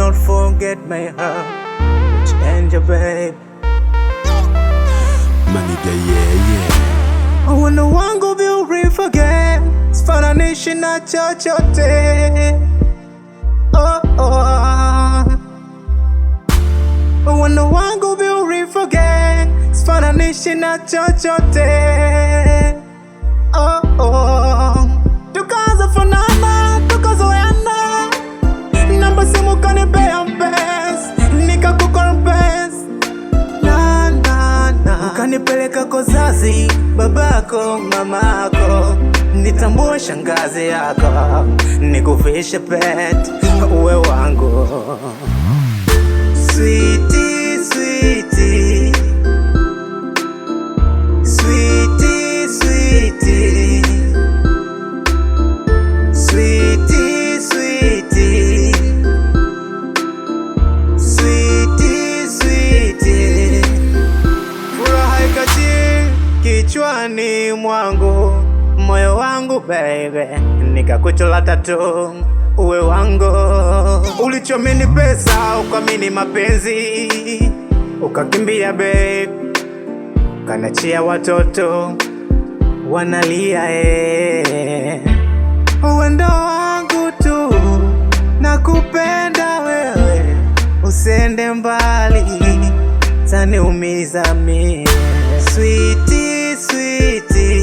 Not forget my heart. Change your babe. Maniga, yeah, yeah. I wanna wangu beautiful again. Sifananishe na chochote. Oh, oh. Uwano wangu beautiful again. Sifananishe na chochote. Oh, oh. oh. kupeleka kozazi, babako mamako, nitambue shangazi yako, nikuvishe pet uwe wangu Sweet. mwangu, moyo wangu baby, nikakuchola tatu uwe wangu. Ulichomini pesa ukamini mapenzi, ukakimbia babe, kanachia watoto wanalia eh. ndo wangu tu nakupenda wewe, usende mbali, taniumiza mie Sweetie City.